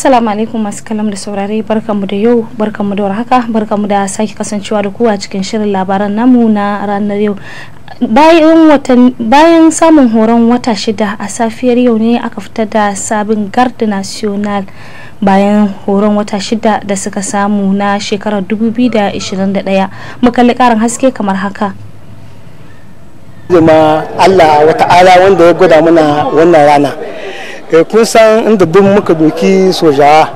Assalamu alaikum masu kalam da saurare barkanmu da yau barkanmu da warhaka barkanmu da sake kasancewa da kowa cikin shirin labaran namu na ranar yau bayan samun horon wata shida a safiyar yau ne aka fitar da sabin garda national bayan horon wata shida da suka samu na shekarar 2021 mukalli karin haske kamar haka allah wata'ala wanda ya gwada mana wannan rana Eh, kun san inda duk muka doki sojawa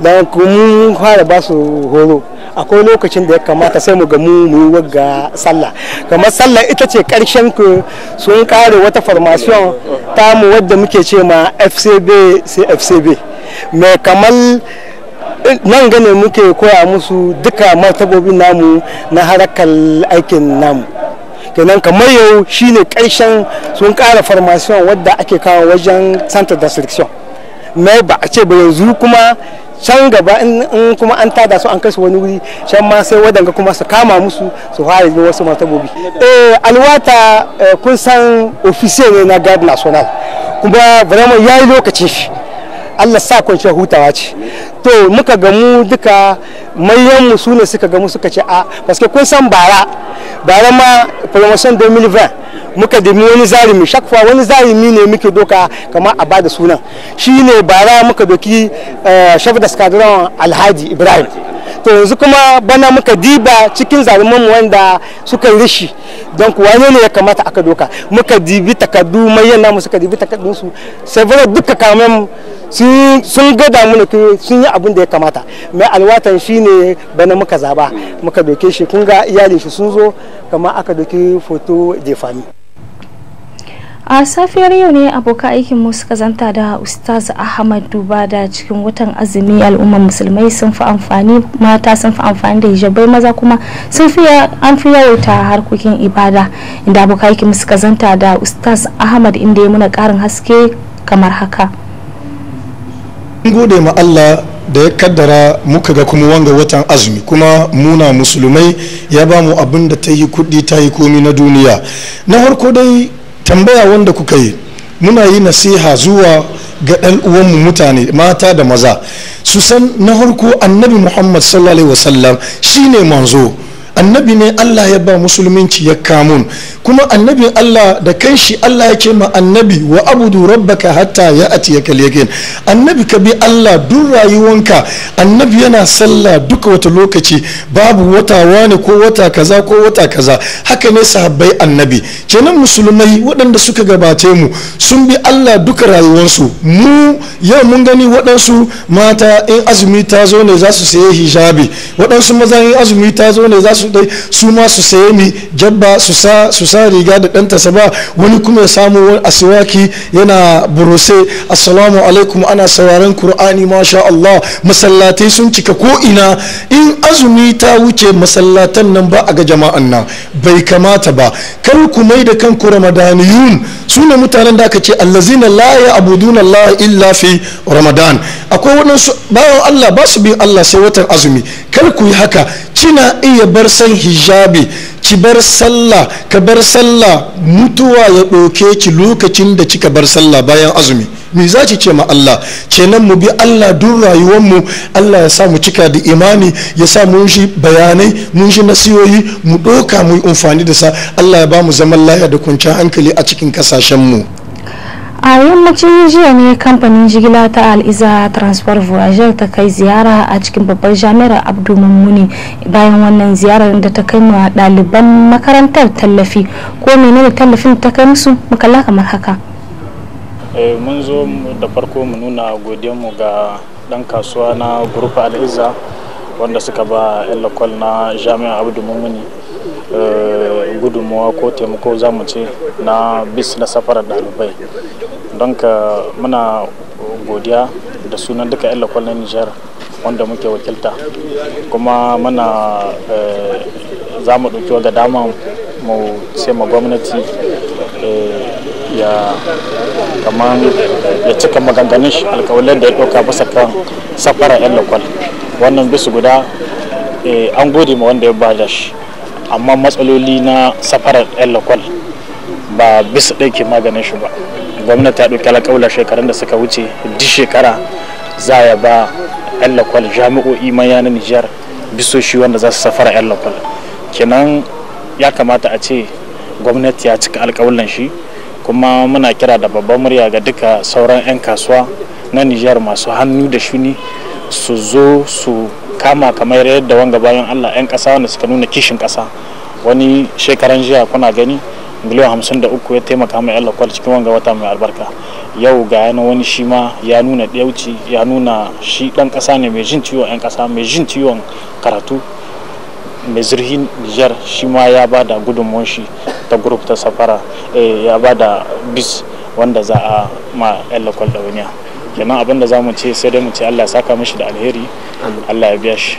don mun fara ba su horo akwai lokacin da ya kamata sai mu ga mu yi wagga sallah kamar sallah ita ce karshen ku sun kare wata formation ta mu wadda muke ce ma fcb sai fcb mai kamar eh, nan gane muke koya musu duka martabobin namu na harakar aikin namu kenan kamar yau shine karshen sun kara farmasiyon wadda ake kawo wajen da selection mai ba a ce ba yanzu kuma can gaba in kuma an tada su an kai su wani wuri can ma sai wadanga kuma su kama musu su fara yi wasu martabobi eh alwata eh, kun san ofisiye ne na guard national kuma vraiment yayi lokacin shi Allah sa ce hutawa ce to muka ga mu duka mayyan mu ne suka ga mu suka ce a ah, paske kun san bara bara ma promotion 2020 muka demi wani zarumi shak fa wani zarumi ne muke doka kamar a bada sunan shine bara muka doki shafi eh, da skadron alhaji ibrahim to yanzu kuma bana muka diba cikin mu wanda suka yi rishi don kuwa ne ne ya kamata aka doka muka dibi takardu mai mu suka dibi takardunsu sai duka kamen sun gada mana sun yi abin da ya kamata mai alwatan shine bana muka zaba muka doke shi kun ga iyalin shi sun zo kamar aka doke foto jefami a safiyar yau ne abokan aikin mu suka zanta da ustaz ahmad duba da cikin watan azumi al'ummar musulmai sun fi amfani mata sun fi amfani da hijabai maza kuma sun fi an fi yawaita harkokin ibada inda abokan aikin suka zanta da ustaz ahmad inda ya muna karin haske kamar haka gode ma Allah da ya kaddara muka ga kuma wanga watan azumi kuma muna musulmai ya ba mu abin da ta yi kuɗi ta yi komi na duniya na farko dai tambaya wanda kuka yi muna yi nasiha zuwa ga ɗan uwanmu mutane mata da maza su san na farko annabi muhammad sallallahu alaihi wasallam shine manzo annabi ne Allah ya ba musulminci ya kamun kuma annabin Allah da kanshi Allah ya ce ma annabi wa abudu rabbaka hatta ya ati ya annabi ka bi Allah duk rayuwanka annabi yana sallah duka wata lokaci babu wata wani ko wata kaza ko wata kaza haka ne sahabbai annabi kenan musulmai waɗanda suka gabace mu sun bi Allah duka rayuwansu mu yau mun gani waɗansu mata in azumi ta zo ne za su sayi hijabi waɗansu maza in azumi ta zo ne za su su dai su ma su saye mi jabba su sa riga da ɗan tasaba wani kuma ya samu wani asiwaki yana burose assalamu alaikum ana sauraron qur'ani masha Allah masallatai sun cika ko ina in azumi ta wuce masallatan nan ba a ga jama'an nan bai kamata ba kar ku mai da kanku ramadaniyun suna mutanen da aka ce allazina la ya abuduna Allah illa fi ramadan akwai waɗansu bayan Allah ba su bin Allah sai watan azumi kar ku yi haka kina iya bar san hijabi ki bar sallah ka bar sallah mutuwa ya ɗauke ki lokacin da kika bar sallah bayan azumi me za ki ce ma Allah kenan mu bi Allah duk rayuwar Allah ya sa mu cika da imani ya sa mun shi bayanai mun shi nasiyoyi mu ɗauka mu yi amfani da sa Allah ya ba mu zaman lafiya da kwanciyar hankali a cikin kasashen mu a yammacin jiya ne kamfanin jigila ta al'iza transport voyager ta kai ziyara a cikin babbar jami'ar abdu mummuni bayan wannan ziyarar da ta kai ma ɗaliban makarantar tallafi ko menene tallafin ta kai musu makalla kamar haka eh, mun zo da farko mu nuna mu ga dan kasuwa na grupa al'iza wanda suka ba 'yan na jami'ar abdu mummuni Eh, gudunmuwa ko taimako za mu ce na bis na safarar ɗalibai don ka muna godiya da sunan duka 'yan lokwal na nijar wanda muke wakilta kuma muna eh, za mu ɗauki wadda dama mu ce ma gwamnati eh, ya kaman ya cika maganganun shi alkawalin da ya ɗauka bisa kan safara 'yan lakwal wannan bisu guda an gode ma wanda ya bada shi amma matsaloli na safarar yan lakwal ba bisa ɗauke maganin shi ba gwamnati ta ɗauki alƙawla shekarun da suka wuce duk shekara za ya ba yan lakwal jami'o'i manya na nijar bisoshi wanda za su safara yan lakwal kenan ya kamata a ce gwamnati ya cika alƙawlan shi kuma muna kira da babban murya ga duka sauran 'yan kasuwa na nijar masu hannu da shuni su zo su kama kamar yadda wanga bayan allah 'yan ƙasa wanda suka nuna kishin ƙasa wani shekaran jiya kuna gani miliyan hamsin da uku ya taimaka mai allah kwal cikin wanga wata mai albarka yau ga yana wani shi ma ya nuna ɗauci ya nuna shi ɗan ƙasa ne mai jin ciwon 'yan ƙasa mai jin ciwon karatu mai zirhin nijar shi ma ya ba da gudunmuwan shi ta grup ta safara eh, ya ba da bis wanda za a ma yan lakwal ɗauniya kenan abin da mu ce sai dai mu ce Allah saka mishi da alheri Allah ya biya shi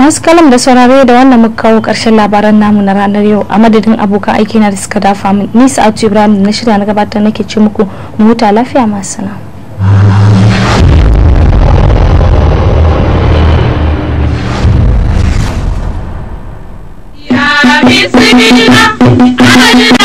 masu kalam da saurare da wannan muka kawo karshen labaran namu na ranar yau a madadin abokan aiki na da suka dafa min ni sa'atu ibrahim na shirya na gabatar nake ce muku mu huta lafiya masu sana.